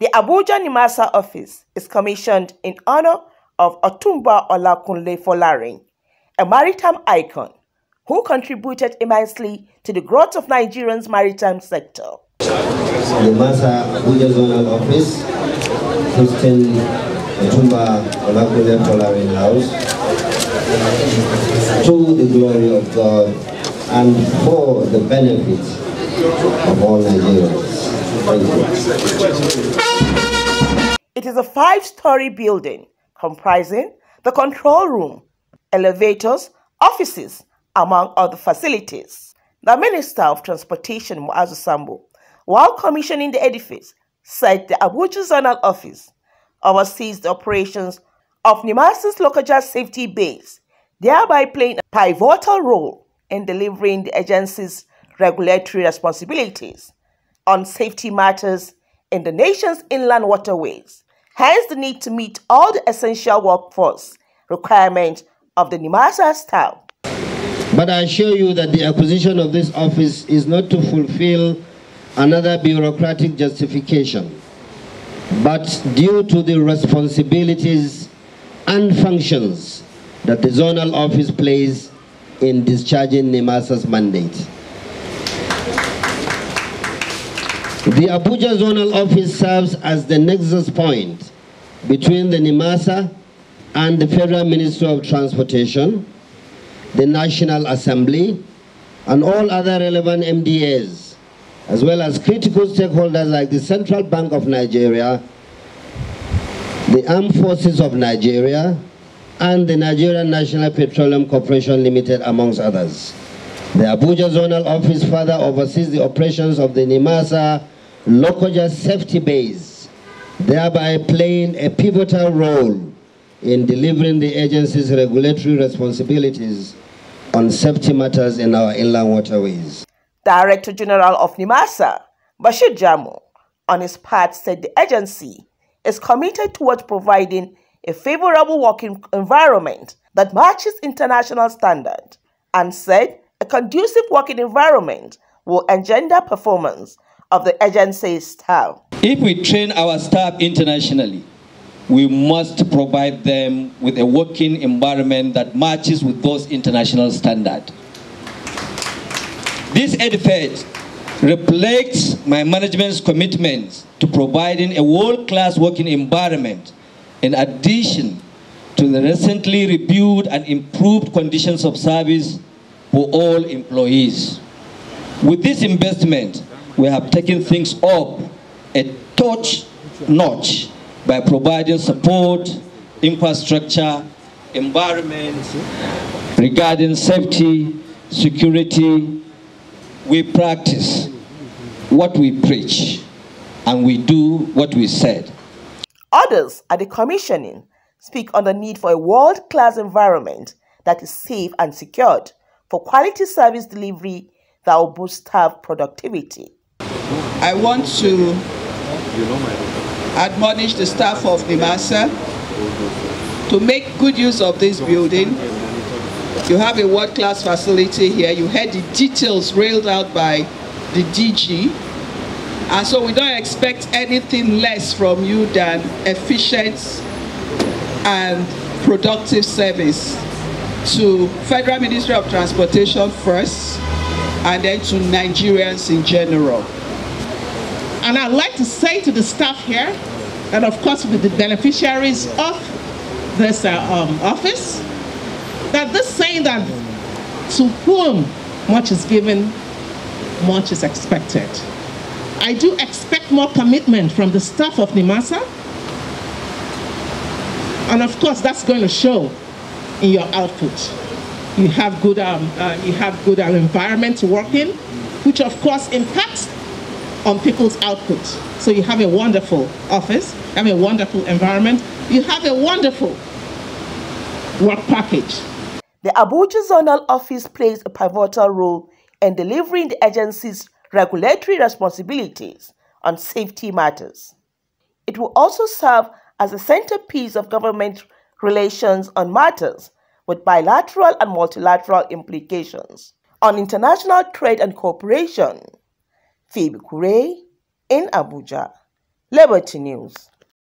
The Abuja Nimasa office is commissioned in honor of Otumba Olakunle Folarin, a maritime icon who contributed immensely to the growth of Nigeria's maritime sector. Nimasa Abuja Zonal Office, Christian Otumba Olakunle Folarin House, to the glory of God and for the benefit of all Nigerians. Thank you is a five story building comprising the control room, elevators, offices, among other facilities. The Minister of Transportation, Muazu Sambu, while commissioning the edifice, said the Abuja Zonal Office oversees the operations of local jet Safety Base, thereby playing a pivotal role in delivering the agency's regulatory responsibilities on safety matters in the nation's inland waterways hence the need to meet all the essential workforce requirements of the Nimasa style. But I assure you that the acquisition of this office is not to fulfill another bureaucratic justification, but due to the responsibilities and functions that the zonal office plays in discharging NEMASA's mandate. The Abuja zonal office serves as the nexus point between the NIMASA and the Federal Ministry of Transportation, the National Assembly, and all other relevant MDAs, as well as critical stakeholders like the Central Bank of Nigeria, the Armed Forces of Nigeria, and the Nigerian National Petroleum Corporation Limited, amongst others. The Abuja Zonal Office further oversees the operations of the NIMASA Lokoja Safety Base, thereby playing a pivotal role in delivering the agency's regulatory responsibilities on safety matters in our inland waterways. Director General of NIMASA, Bashir Jamu, on his part said the agency is committed towards providing a favorable working environment that matches international standard and said a conducive working environment will engender performance of the agency's staff. If we train our staff internationally, we must provide them with a working environment that matches with those international standards. This EdFed reflects my management's commitment to providing a world-class working environment in addition to the recently reviewed and improved conditions of service for all employees. With this investment, we have taken things up a touch notch by providing support, infrastructure, environment, regarding safety, security. We practice what we preach and we do what we said. Others at the commissioning speak on the need for a world-class environment that is safe and secured for quality service delivery that will boost staff productivity. I want to admonish the staff of NIMASA to make good use of this building. You have a world-class facility here. You had the details railed out by the DG. And so we don't expect anything less from you than efficient and productive service to Federal Ministry of Transportation first and then to Nigerians in general. And I'd like to say to the staff here, and of course with the beneficiaries of this uh, um, office, that this saying that to whom much is given, much is expected. I do expect more commitment from the staff of NIMASA. And of course, that's going to show in your output. You have good, um, uh, you have good uh, environment to work in, which of course impacts on people's output. So you have a wonderful office, you have a wonderful environment, you have a wonderful work package. The Abuja Zonal Office plays a pivotal role in delivering the agency's regulatory responsibilities on safety matters. It will also serve as a centerpiece of government relations on matters with bilateral and multilateral implications on international trade and cooperation, Phoebe Gray in Abuja, Liberty News.